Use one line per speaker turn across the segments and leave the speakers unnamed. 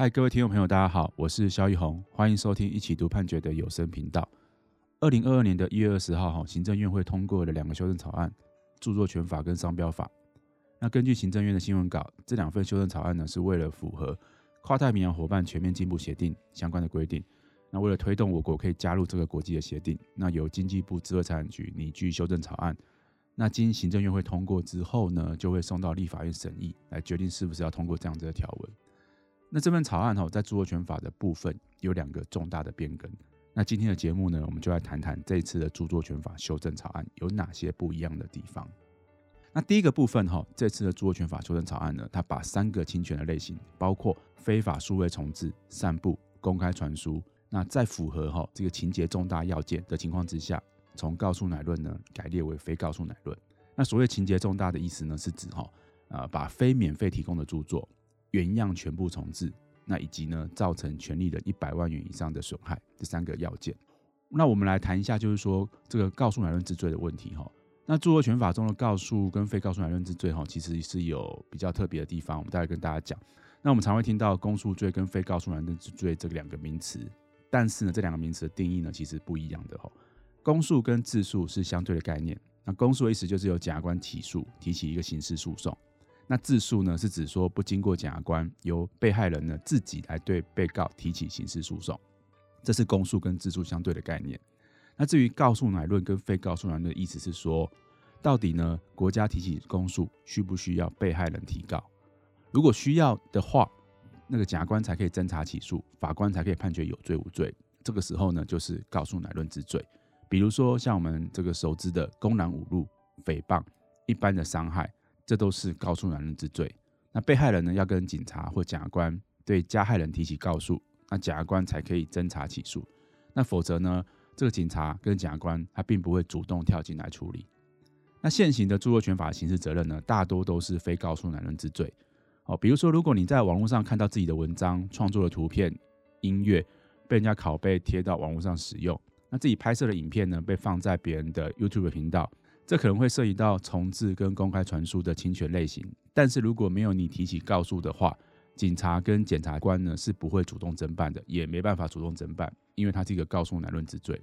嗨，Hi, 各位聽眾朋友，大家好，我是蕭奕宏，歡迎收聽一起讀判決的有聲頻道。二零二二年的一月二十號，哈，行政院會通過了兩個修正草案，著作權法跟商標法。那根據行政院的新聞稿，這兩份修正草案呢，是為了符合跨太平洋夥伴全面進步協定相關的規定。那為了推動我國可以加入這個國際的協定，那由經濟部智慧財產局擬具修正草案。那經行政院會通過之後呢，就會送到立法院審議，來決定是不是要通過這樣子的條文。那這份草案哈，在著作權法的部分有兩個重大的變更。那今天的節目呢，我們就來談談這一次的著作權法修正草案有哪些不一樣的地方。那第一個部分哈，這次的著作權法修正草案呢，它把三個侵權的類型，包括非法數位重製、散布、公開傳輸，那在符合哈這個情節重大要件的情況之下，從告訴乃論呢改列為非告訴乃論。那所謂情節重大的意思呢，是指哈，啊、呃，把非免費提供的著作。原樣全部重製，那以及呢造成權利人一百萬元以上的損害，這三個要件。那我們來談一下，就是說這個告訴乃論之罪的問題哈。那著作權法中的告訴跟非告訴乃論之罪哈，其實是有比較特別的地方，我們待會跟大家講。那我們常會聽到公訴罪跟非告訴乃論之罪這兩個名詞，但是呢這兩個名詞的定義呢其實不一樣的哈。公訴跟自訴是相對的概念，那公訴的意思就是由檢察官起訴，提起一個刑事訴訟。那自訴呢，是指說不經過檢察官，由被害人呢自己來對被告提起刑事訴訟，這是公訴跟自訴相對的概念。那至於告訴乃論跟非告訴乃論的意思是說，到底呢國家提起公訴需不需要被害人提告？如果需要的話，那個檢察官才可以偵查起訴，法官才可以判決有罪無罪。這個時候呢就是告訴乃論之罪，比如說像我們這個熟知的公然侮辱、誹謗、一般的傷害。這都是告訴乃論之罪。那被害人呢，要跟警察或檢察官對加害人提起告訴，那檢察官才可以偵查起訴。那否則呢，這個警察跟檢察官他並不會主動跳進來處理。那現行的著作權法刑事責任呢，大多都是非告訴乃論之罪。哦，比如說，如果你在網絡上看到自己的文章、創作的圖片、音樂被人家拷貝貼到網絡上使用，那自己拍攝的影片呢，被放在別人的 YouTube 頻道。這可能會涉及到重製跟公開傳輸的侵權類型，但是如果沒有你提起告訴的話，警察跟檢察官呢是不會主動偵辦的，也沒辦法主動偵辦，因為它是一個告訴乃論之罪。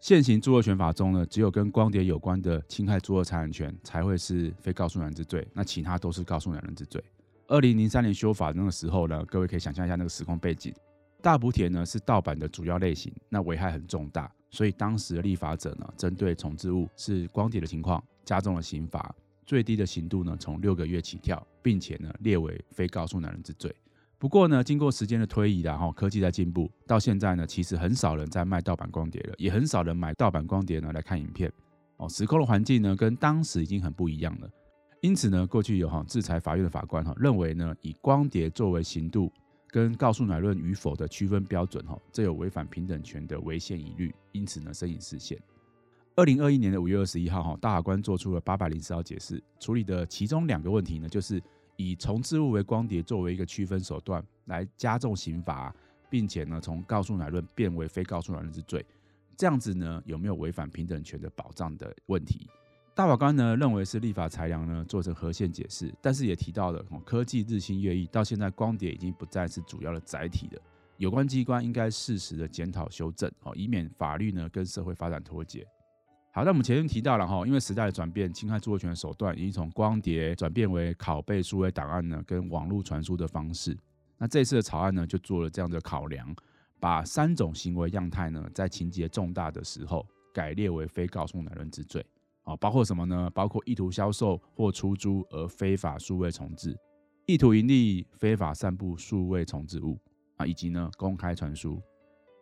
現行著作權法中呢，只有跟光碟有關的侵害著作財產權才會是非告訴乃論之罪，那其他都是告訴乃論之罪。二零零三年修法的那個時候呢，各位可以想象一下那個時空背景，大補帖呢是盜版的主要類型，那危害很重大。所以當時的立法者呢，針對重製物是光碟的情況，加重了刑罰，最低的刑度呢從六個月起跳，並且呢列為非告訴乃論之罪。不過呢，經過時間的推移啦，科技在進步，到現在呢，其實很少人在賣盜版光碟了，也很少人買盜版光碟呢來看影片。哦，時空的環境呢跟當時已經很不一樣了，因此呢，過去有哈、哦、制裁法院的法官哈、哦、認為呢，以光碟作為刑度，跟告訴乃論與否的區分標準，哈，這有違反平等權的違憲疑慮，因此呢，聲請釋憲。二零二一年的五月二十一號，哈，大法官做出了八百零四號解釋，處理的其中兩個問題呢，就是以重製物為光碟作為一個區分手段來加重刑罰，並且呢，從告訴乃論變為非告訴乃論之罪，這樣子呢，有沒有違反平等權的保障的問題？大法官呢認為是立法裁量呢，做成合憲解釋，但是也提到了，哦，科技日新月異，到現在光碟已經不再是主要的載體了，有關機關應該適時的檢討修正，哦，以免法律呢跟社會發展脫節。好，那我們前面提到了哈，哦，因為時代的轉變，侵害著作權的手段已經從光碟轉變為拷貝數位檔案呢，跟網絡傳輸的方式。那這次的草案呢，就做了這樣的考量，把三種行為樣態呢，在情節重大的時候，改列為非告訴乃論之罪。啊，包括什麼呢？包括意圖銷售或出租而非法數位重製，意圖營利非法散布數位重製物啊，以及呢公開傳輸。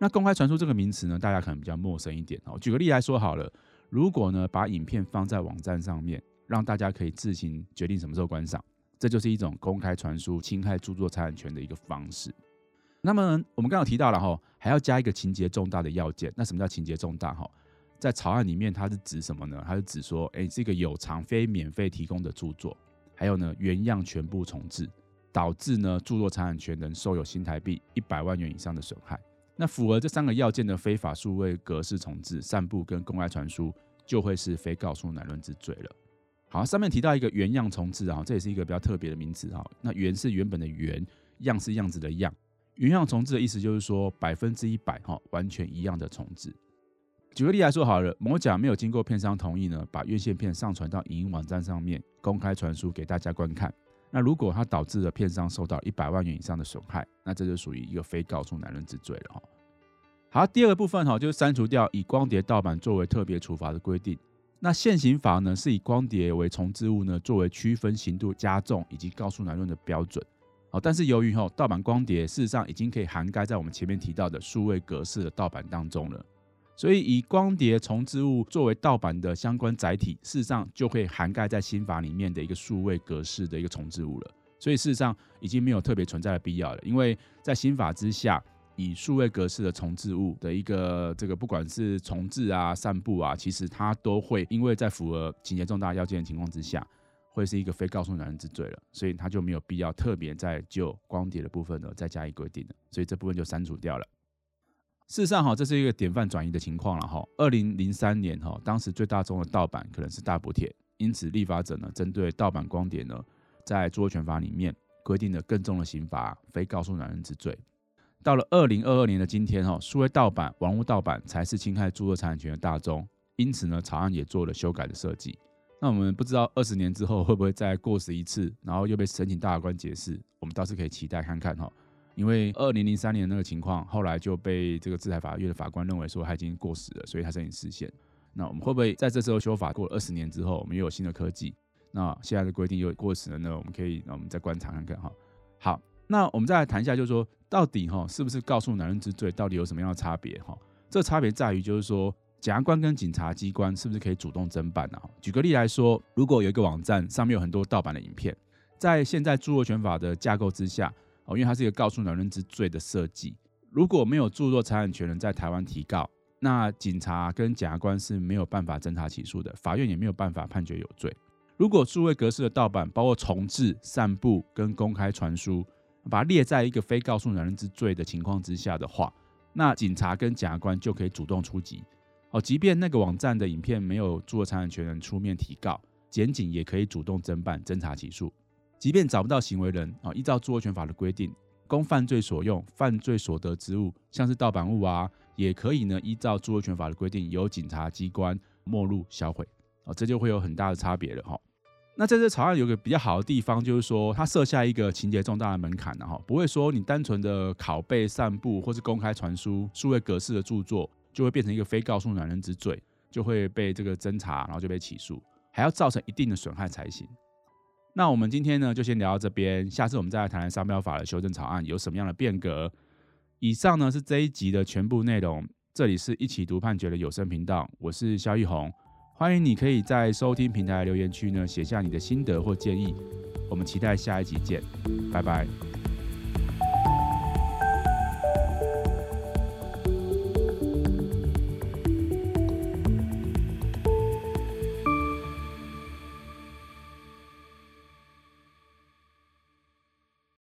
那公開傳輸這個名詞呢，大家可能比較陌生一點哦。舉個例來說好了，如果呢把影片放在網站上面，讓大家可以自行決定什麼時候觀賞，這就是一種公開傳輸侵害著作財產權的一個方式。那麼我們剛剛提到了哈，還要加一個情節重大的要件。那什麼叫情節重大哈？在草案裡面，它是指什麼呢？它是指說，哎、欸，這個有償非免費提供的著作，還有呢，原樣全部重製，導致呢，著作財產權人受有新台幣一百萬元以上的損害。那符合這三個要件的非法數位格式重製、散布跟公開傳輸，就會是非告訴乃論之罪了。好，上面提到一個原樣重製啊，這也是一個比較特別的名詞啊。那原是原本的原，樣是樣子的樣，原樣重製的意思就是說百分之一百哈，完全一樣的重製。舉個例來說好了，某甲沒有經過片商同意呢，把院線片上傳到影音網站上面，公開傳輸給大家觀看。那如果它導致了片商受到一百萬元以上的損害，那這就屬於一個非告訴乃論之罪了，喔。好，第二個部分哈，喔，就是刪除掉以光碟盜版作為特別處罰的規定。那現行法呢，是以光碟為重製物呢，作為區分刑度加重以及告訴乃論的標準。好，但是由於哈，盜版光碟事實上已經可以涵蓋在我們前面提到的數位格式的盜版當中了。所以以光碟重製物作為盜版的相關載體，事實上就會涵蓋在新法裡面的一個數位格式的一個重製物了。所以事實上已經沒有特別存在的必要了，因為在新法之下，以數位格式的重製物的一個這個不管是重製啊、散佈啊，其實它都會因為在符合情節重大要件的情況之下，會是一個非告訴乃論之罪了，所以它就沒有必要特別在就光碟的部分呢再加以規定了，所以這部分就刪除掉了。事實上，哈，這是一個典範轉移的情況了哈。二零零三年，哈，當時最大宗的盜版可能是大補帖，因此立法者呢，針對盜版光碟呢，在著作權法裡面規定了更重的刑罰，非告訴乃論之罪。到了二零二二年的今天，哈，數位盜版、網路盜版才是侵害著作財產權的大宗，因此呢，草案也做了修改的設計。那我們不知道二十年之後會不會再過時一次，然後又被申請大法官解釋，我們倒是可以期待看看哈。因為二零零三年的那個情況，後來就被這個智財法院的法官認為說他已經過時了，所以他已經失效。那我們會不會在這時候修法？過了二十年之後，我們又有新的科技，那現在的規定又過時了呢？我們可以，那我們再觀察看看哈。好，那我們再來談一下，就是說到底哈，是不是告訴乃論之罪到底有什麼樣的差別哈？這差別在於就是說，檢察官跟警察機關是不是可以主動偵辦呢？舉個例來說，如果有一個網站上面有很多盜版的影片，在現在著作權法的架構之下。因為它是一個告訴乃論之罪的設計，如果沒有著作財產權人在台灣提告，那警察跟檢察官是沒有辦法偵查起訴的，法院也沒有辦法判決有罪。如果數位格式的盜版，包括重製、散布跟公開傳輸，把它列在一個非告訴乃論之罪的情況之下的話，那警察跟檢察官就可以主動出擊。哦，即便那個網站的影片沒有著作財產權人出面提告，檢警也可以主動偵辦、偵查起訴。即便找不到行為人啊，依照著作權法的規定，供犯罪所用，犯罪所得之物，像是盜版物啊，也可以呢依照著作權法的規定，由檢察機關沒入銷毀啊，這就會有很大的差別了哈、哦。那在這草案有個比較好的地方，就是說它設下一個情節重大的門檻了、啊、哈，不會說你單純的拷貝、散布或是公開傳輸數位格式的著作，就會變成一個非告訴乃論之罪，就會被這個偵查，然後就被起訴，還要造成一定的損害才行。那我們今天呢，就先聊到這邊。下次我們再來談談商標法的修正草案有什麼樣的變革。以上呢是這一集的全部內容。這裡是一起讀判決的有聲頻道，我是蕭奕宏。歡迎你可以在收聽平台留言區呢寫下你的心得或建議。我們期待下一集見，拜拜。